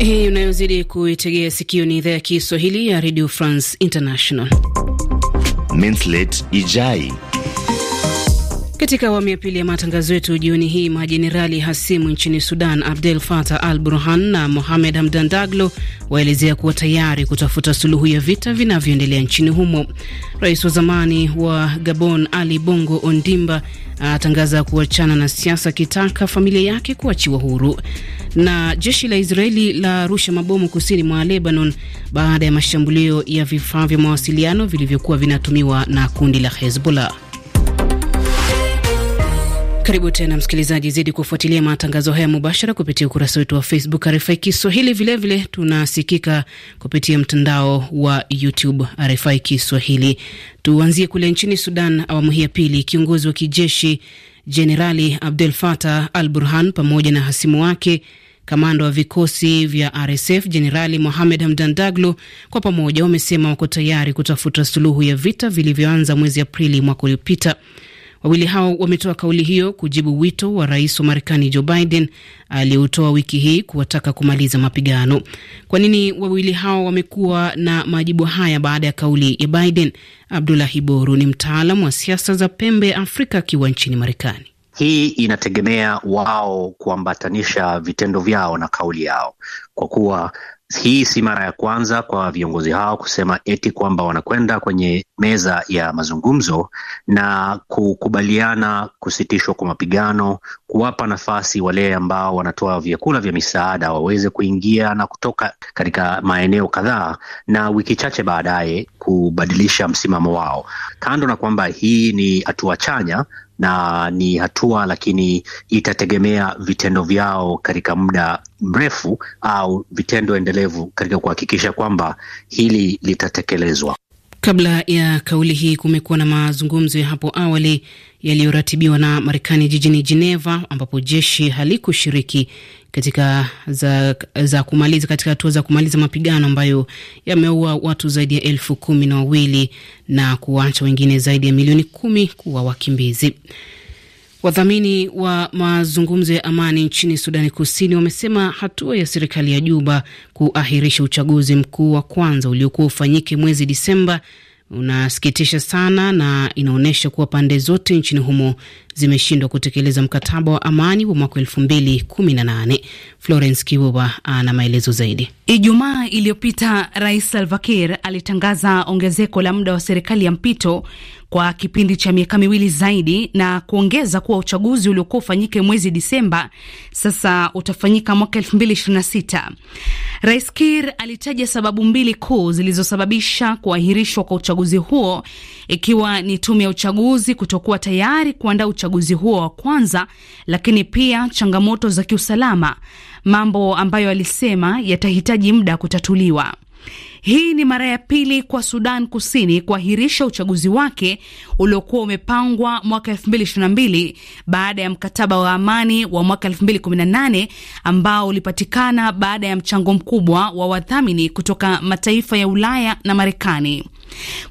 Hii unayozidi kuitegea sikio ni idhaa ya Kiswahili ya Radio France International. Minslet Ijai katika awamu ya pili ya matangazo yetu jioni hii, majenerali hasimu nchini Sudan Abdel fatah al Burhan na Mohamed Hamdan Daglo waelezea kuwa tayari kutafuta suluhu ya vita vinavyoendelea nchini humo. Rais wa zamani wa Gabon Ali Bongo Ondimba atangaza kuachana na siasa akitaka familia yake kuachiwa huru. Na jeshi la Israeli la rusha mabomu kusini mwa Lebanon baada ya mashambulio ya vifaa vya mawasiliano vilivyokuwa vinatumiwa na kundi la Hezbollah. Karibu tena msikilizaji, zidi kufuatilia matangazo haya mubashara kupitia ukurasa wetu wa Facebook RFI Kiswahili. Vilevile tunasikika kupitia mtandao wa YouTube RFI Kiswahili. Tuanzie kule nchini Sudan. Awamu hii ya pili, kiongozi wa kijeshi Jenerali Abdel Fattah al Burhan pamoja na hasimu wake kamanda wa vikosi vya RSF Jenerali Mohamed Hamdan Daglo kwa pamoja wamesema wako tayari kutafuta suluhu ya vita vilivyoanza mwezi Aprili mwaka uliopita. Wawili hao wametoa kauli hiyo kujibu wito wa rais wa Marekani Joe Biden aliyeutoa wiki hii kuwataka kumaliza mapigano. Kwa nini wawili hao wamekuwa na majibu haya baada ya kauli ya Biden? Abdulahi Boru ni mtaalam wa siasa za pembe ya Afrika akiwa nchini Marekani. Hii inategemea wao kuambatanisha vitendo vyao na kauli yao, kwa kuwa hii si mara ya kwanza kwa viongozi hao kusema eti kwamba wanakwenda kwenye meza ya mazungumzo na kukubaliana kusitishwa kwa mapigano, kuwapa nafasi wale ambao wanatoa vyakula vya misaada waweze kuingia na kutoka katika maeneo kadhaa, na wiki chache baadaye kubadilisha msimamo wao. Kando na kwamba hii ni hatua chanya na ni hatua, lakini itategemea vitendo vyao katika muda mrefu au vitendo endelevu katika kuhakikisha kwamba hili litatekelezwa. Kabla ya kauli hii, kumekuwa na mazungumzo ya hapo awali yaliyoratibiwa na Marekani jijini Geneva, ambapo jeshi halikushiriki katika za, za kumaliza katika hatua za kumaliza mapigano ambayo yameua watu zaidi ya elfu kumi na wawili na kuwaacha wengine zaidi ya milioni kumi kuwa wakimbizi. Wadhamini wa mazungumzo ya amani nchini Sudani Kusini wamesema hatua ya serikali ya Juba kuahirisha uchaguzi mkuu wa kwanza uliokuwa ufanyike mwezi Disemba unasikitisha sana na inaonyesha kuwa pande zote nchini humo zimeshindwa kutekeleza mkataba wa amani wa mwaka elfu mbili kumi na nane. Florence Kiwuba ana maelezo zaidi. Ijumaa iliyopita Rais Salva Kiir alitangaza ongezeko la muda wa serikali ya mpito kwa kipindi cha miaka miwili zaidi na kuongeza kuwa uchaguzi uliokuwa ufanyike mwezi Disemba sasa utafanyika mwaka elfu mbili na sita. Rais Kiir alitaja sababu mbili kuu zilizosababisha kuahirishwa kwa uchaguzi huo, ikiwa ni tume ya uchaguzi kutokuwa tayari kuandaa uchaguzi huo wa kwanza, lakini pia changamoto za kiusalama, mambo ambayo alisema yatahitaji muda kutatuliwa. Hii ni mara ya pili kwa Sudan Kusini kuahirisha uchaguzi wake uliokuwa umepangwa mwaka 2022 baada ya mkataba wa amani wa mwaka 2018 ambao ulipatikana baada ya mchango mkubwa wa wadhamini kutoka mataifa ya Ulaya na Marekani.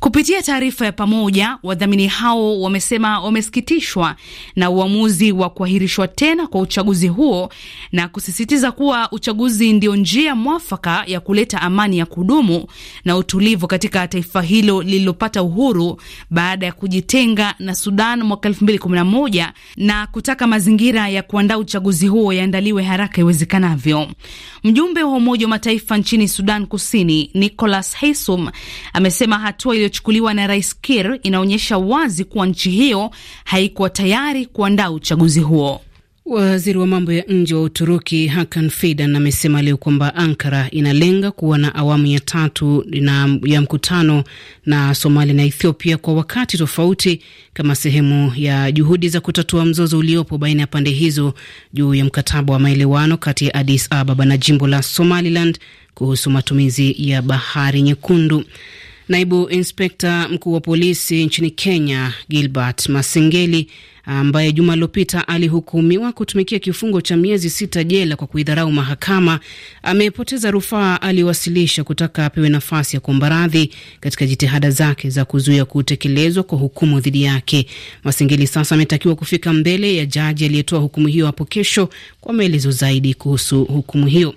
Kupitia taarifa ya pamoja, wadhamini hao wamesema wamesikitishwa na uamuzi wa kuahirishwa tena kwa uchaguzi huo na kusisitiza kuwa uchaguzi ndio njia mwafaka ya kuleta amani ya kudumu na utulivu katika taifa hilo lililopata uhuru baada ya kujitenga na Sudan mwaka 2011 na kutaka mazingira ya kuandaa uchaguzi huo yaandaliwe haraka iwezekanavyo. Mjumbe wa Umoja wa Mataifa nchini Sudan Kusini Nicholas Haysom amesema hatua iliyochukuliwa na Rais kir inaonyesha wazi kuwa nchi hiyo haikuwa tayari kuandaa uchaguzi huo. Waziri wa mambo ya nje wa Uturuki Hakan Fidan amesema leo kwamba Ankara inalenga kuwa na awamu ya tatu na ya mkutano na Somalia na Ethiopia kwa wakati tofauti kama sehemu ya juhudi za kutatua mzozo uliopo baina ya pande hizo juu ya mkataba wa maelewano kati ya Addis Ababa na jimbo la Somaliland kuhusu matumizi ya Bahari Nyekundu. Naibu inspekta mkuu wa polisi nchini Kenya Gilbert Masengeli ambaye juma lilopita alihukumiwa kutumikia kifungo cha miezi sita jela kwa kuidharau mahakama amepoteza rufaa aliyowasilisha kutaka apewe nafasi ya kuomba radhi katika jitihada zake za kuzuia kutekelezwa kwa hukumu dhidi yake. Masengeli sasa ametakiwa kufika mbele ya jaji aliyetoa hukumu hiyo hapo kesho kwa maelezo zaidi kuhusu hukumu hiyo.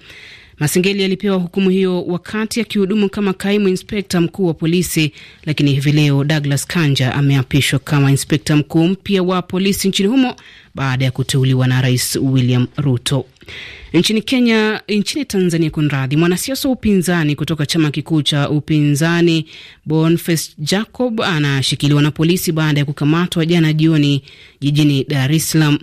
Masengeli alipewa hukumu hiyo wakati akihudumu kama kaimu inspekta mkuu wa polisi, lakini hivi leo Douglas Kanja ameapishwa kama inspekta mkuu mpya wa polisi nchini humo baada ya kuteuliwa na Rais William Ruto. Nchini Kenya, nchini Tanzania, kunradhi, mwanasiasa wa upinzani kutoka chama kikuu cha upinzani Boniface Jacob anashikiliwa na polisi baada ya kukamatwa jana jioni jijini Dar es Salaam.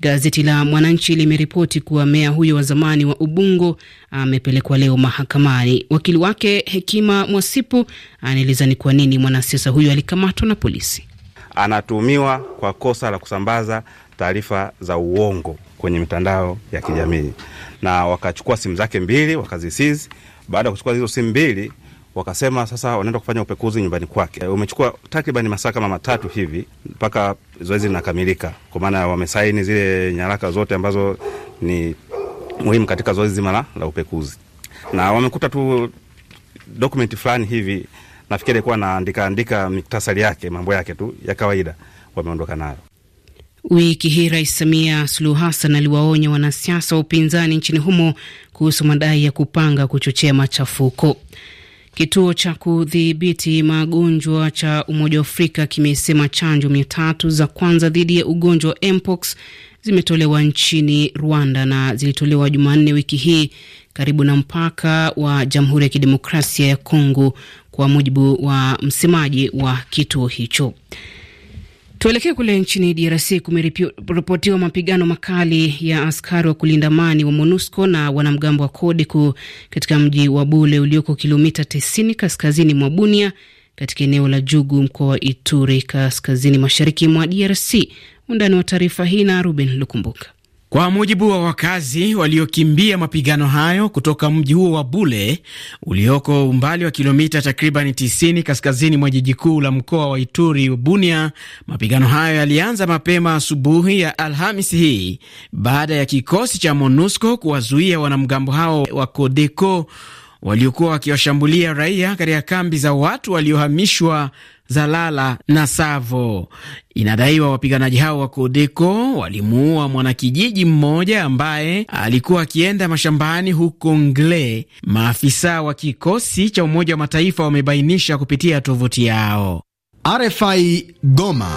Gazeti la Mwananchi limeripoti kuwa meya huyo wa zamani wa Ubungo amepelekwa leo mahakamani. Wakili wake Hekima Mwasipu anaeleza ni kwa nini mwanasiasa huyo alikamatwa na polisi. Anatuhumiwa kwa kosa la kusambaza taarifa za uongo kwenye mitandao ya kijamii, na wakachukua simu zake mbili wakazisizi. Baada ya kuchukua hizo simu mbili wakasema sasa wanaenda kufanya upekuzi nyumbani kwake. Umechukua eh, takriban masaa kama matatu hivi mpaka zoezi linakamilika, kwa maana wamesaini zile nyaraka zote ambazo ni muhimu katika zoezi zima la, la upekuzi, na wamekuta tu dokumenti fulani hivi, nafikiri kuwa anaandika andika miktasari yake mambo yake tu ya kawaida, wameondoka nayo. Wiki hii Rais Samia Suluhu Hassan aliwaonya wanasiasa wa upinzani nchini humo kuhusu madai ya kupanga kuchochea machafuko. Kituo cha kudhibiti magonjwa cha Umoja wa Afrika kimesema chanjo mia tatu za kwanza dhidi ya ugonjwa wa mpox zimetolewa nchini Rwanda na zilitolewa Jumanne wiki hii karibu na mpaka wa Jamhuri ya Kidemokrasia ya Kongo, kwa mujibu wa msemaji wa kituo hicho. Tuelekee kule nchini DRC. Kumeripotiwa mapigano makali ya askari wa kulinda amani wa MONUSCO na wanamgambo wa CODECO katika mji wa Bule ulioko kilomita 90 kaskazini mwa Bunia katika eneo la Jugu, mkoa wa Ituri, kaskazini mashariki mwa DRC. Undani wa taarifa hii na Ruben Lukumbuka. Kwa mujibu wa wakazi waliokimbia mapigano hayo kutoka mji huo wa Bule ulioko umbali wa kilomita takriban 90 kaskazini mwa jiji kuu la mkoa wa Ituri, Bunia, mapigano hayo yalianza mapema asubuhi ya Alhamisi hii baada ya kikosi cha MONUSCO kuwazuia wanamgambo hao wa Kodeko waliokuwa wakiwashambulia raia katika kambi za watu waliohamishwa Zalala na Savo. Inadaiwa wapiganaji hao wa Kodeko walimuua mwanakijiji mmoja ambaye alikuwa akienda mashambani huko Ngle. Maafisa wa kikosi cha Umoja wa Mataifa wamebainisha kupitia tovuti yao. RFI Goma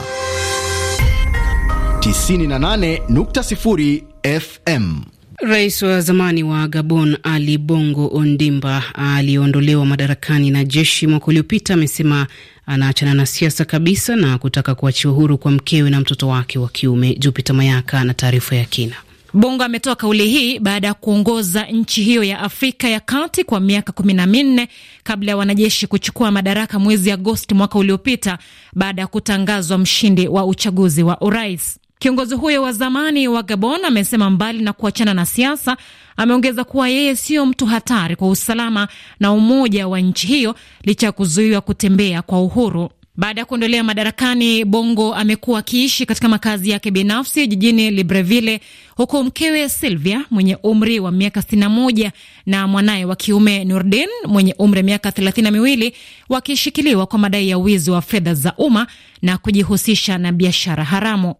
98.0 FM Rais wa zamani wa Gabon Ali Bongo Ondimba aliyeondolewa madarakani na jeshi mwaka uliopita amesema anaachana na siasa kabisa na kutaka kuachiwa huru kwa mkewe na mtoto wake wa kiume. Jupita Mayaka na taarifa ya kina. Bongo ametoa kauli hii baada ya kuongoza nchi hiyo ya Afrika ya Kati kwa miaka kumi na minne kabla ya wanajeshi kuchukua madaraka mwezi Agosti mwaka uliopita baada ya kutangazwa mshindi wa uchaguzi wa urais. Kiongozi huyo wa zamani wa Gabon amesema mbali na kuachana na siasa, ameongeza kuwa yeye sio mtu hatari kwa usalama na umoja wa nchi hiyo licha ya kuzuiwa kutembea kwa uhuru. Baada ya kuondolea madarakani, Bongo amekuwa akiishi katika makazi yake binafsi jijini Libreville, huku mkewe Silvia mwenye umri wa miaka 61 na mwanaye wa kiume Nurdin mwenye umri wa miaka 32 wakishikiliwa kwa madai ya wizi wa fedha za umma na kujihusisha na biashara haramu.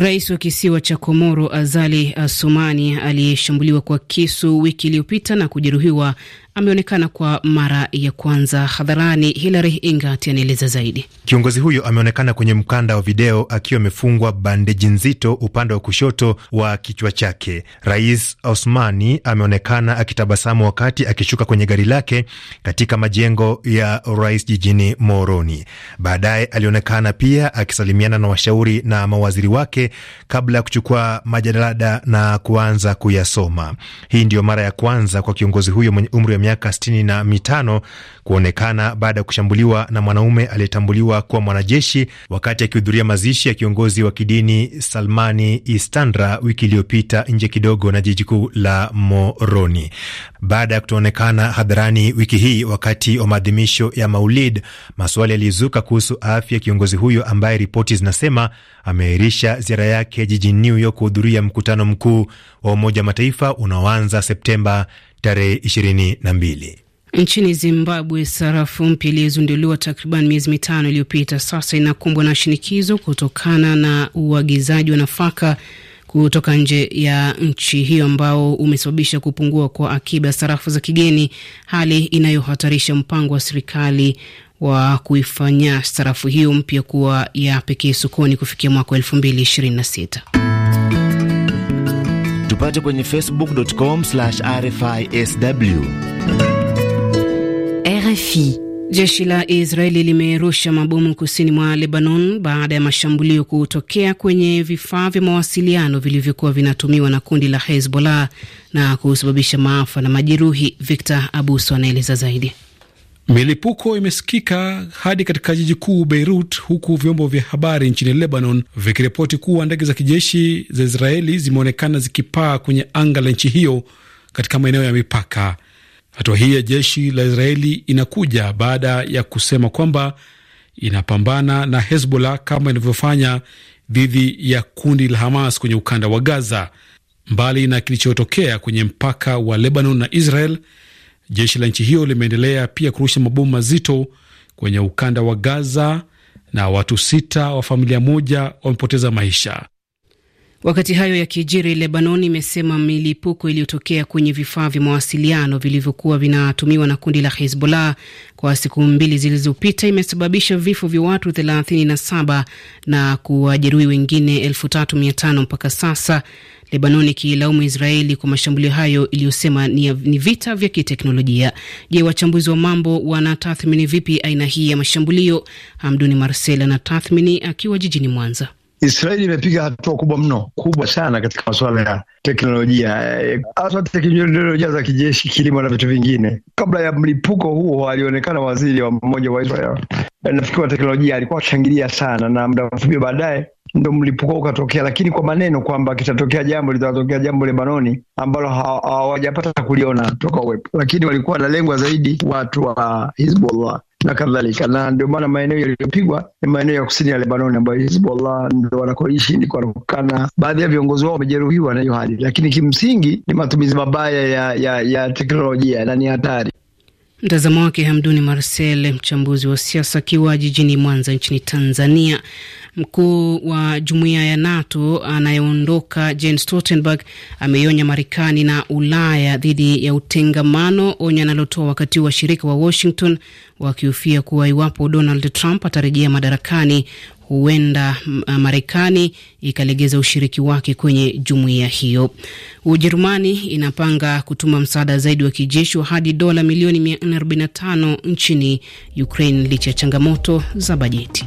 Rais wa kisiwa cha Komoro Azali Asumani aliyeshambuliwa kwa kisu wiki iliyopita na kujeruhiwa ameonekana kwa mara ya kwanza hadharani. Hilary Ingati anaeleza zaidi. Kiongozi huyo ameonekana kwenye mkanda wa video akiwa amefungwa bandeji nzito upande wa kushoto wa kichwa chake. Rais Osmani ameonekana akitabasamu wakati akishuka kwenye gari lake katika majengo ya rais jijini Moroni. Baadaye alionekana pia akisalimiana na washauri na mawaziri wake kabla ya kuchukua majalada na kuanza kuyasoma. Hii ndiyo mara ya kwanza kwa kiongozi huyo mwenye umri wa miaka sitini na mitano kuonekana baada ya kushambuliwa na mwanaume aliyetambuliwa kuwa mwanajeshi wakati akihudhuria mazishi ya kiongozi wa kidini Salmani Istandra wiki iliyopita nje kidogo na jiji kuu la Moroni. Baada ya kutoonekana hadharani wiki hii wakati wa maadhimisho ya Maulid, maswali yalizuka kuhusu afya ya kiongozi huyo ambaye ripoti zinasema ameahirisha ziara yake jijini New York kuhudhuria mkutano mkuu wa Umoja wa Mataifa unaoanza Septemba tarehe 22. Nchini Zimbabwe, sarafu mpya iliyozinduliwa takriban miezi mitano iliyopita sasa inakumbwa na shinikizo kutokana na uagizaji wa nafaka kutoka nje ya nchi hiyo ambao umesababisha kupungua kwa akiba sarafu za kigeni, hali inayohatarisha mpango wa serikali wa kuifanya sarafu hiyo mpya kuwa ya pekee sokoni kufikia mwaka wa sita. Tupate kwenye facebook.com rfisw. RFI. Jeshi la Israeli limerusha mabomu kusini mwa Lebanon baada ya mashambulio kutokea kwenye vifaa vya mawasiliano vilivyokuwa vinatumiwa na kundi la Hezbollah na kusababisha maafa na majeruhi. Victor Abuso anaeleza zaidi. Milipuko imesikika hadi katika jiji kuu Beirut, huku vyombo vya habari nchini Lebanon vikiripoti kuwa ndege za kijeshi za Israeli zimeonekana zikipaa kwenye anga la nchi hiyo katika maeneo ya mipaka. Hatua hii ya jeshi la Israeli inakuja baada ya kusema kwamba inapambana na Hezbollah kama inavyofanya dhidi ya kundi la Hamas kwenye ukanda wa Gaza. Mbali na kilichotokea kwenye mpaka wa Lebanon na Israel, Jeshi la nchi hiyo limeendelea pia kurusha mabomu mazito kwenye ukanda wa Gaza na watu sita wa familia moja wamepoteza maisha. Wakati hayo ya kijiri, Lebanon imesema milipuko iliyotokea kwenye vifaa vya mawasiliano vilivyokuwa vinatumiwa na kundi la Hezbollah kwa siku mbili zilizopita imesababisha vifo vya watu 37 na kuwajeruhi wengine 3500 mpaka sasa, Lebanon ikiilaumu Israeli kwa mashambulio hayo iliyosema ni, ni vita vya kiteknolojia. Je, wachambuzi wa mambo wanatathmini vipi aina hii ya mashambulio? Hamduni Marcel anatathmini akiwa jijini Mwanza. Israeli imepiga hatua kubwa mno, kubwa sana katika masuala ya teknolojia, hasa teknolojia za kijeshi, kilimo na vitu vingine. Kabla ya mlipuko huo, alionekana waziri wa mmoja wa Israel, nafikiri wa teknolojia, alikuwa akishangilia sana, na muda mfupi baadaye ndo mlipuko ukatokea, lakini kwa maneno kwamba kitatokea jambo litatokea jambo Lebanoni ambalo hawajapata ha, kuliona toka uwepo, lakini walikuwa na lengwa zaidi watu wa Hizbullah na kadhalika, na ndio maana maeneo yaliyopigwa ni maeneo ya kusini ya Lebanon ambayo Hizbullah ndio wanakoishi, ndiko wanakokana baadhi ya viongozi wao wamejeruhiwa na hiyo hali, lakini kimsingi ni matumizi mabaya ya, ya, ya teknolojia na ni hatari. Mtazamo wake Hamduni Marcel, mchambuzi wa siasa akiwa jijini Mwanza nchini Tanzania. Mkuu wa jumuiya ya NATO anayeondoka Jens Stoltenberg ameionya Marekani na Ulaya dhidi ya utengamano, onyo analotoa wakati washirika wa Washington wakihofia kuwa iwapo Donald Trump atarejea madarakani huenda uh, Marekani ikalegeza ushiriki wake kwenye jumuiya hiyo. Ujerumani inapanga kutuma msaada zaidi wa kijeshi wa hadi dola milioni 445 nchini Ukraine licha ya changamoto za bajeti.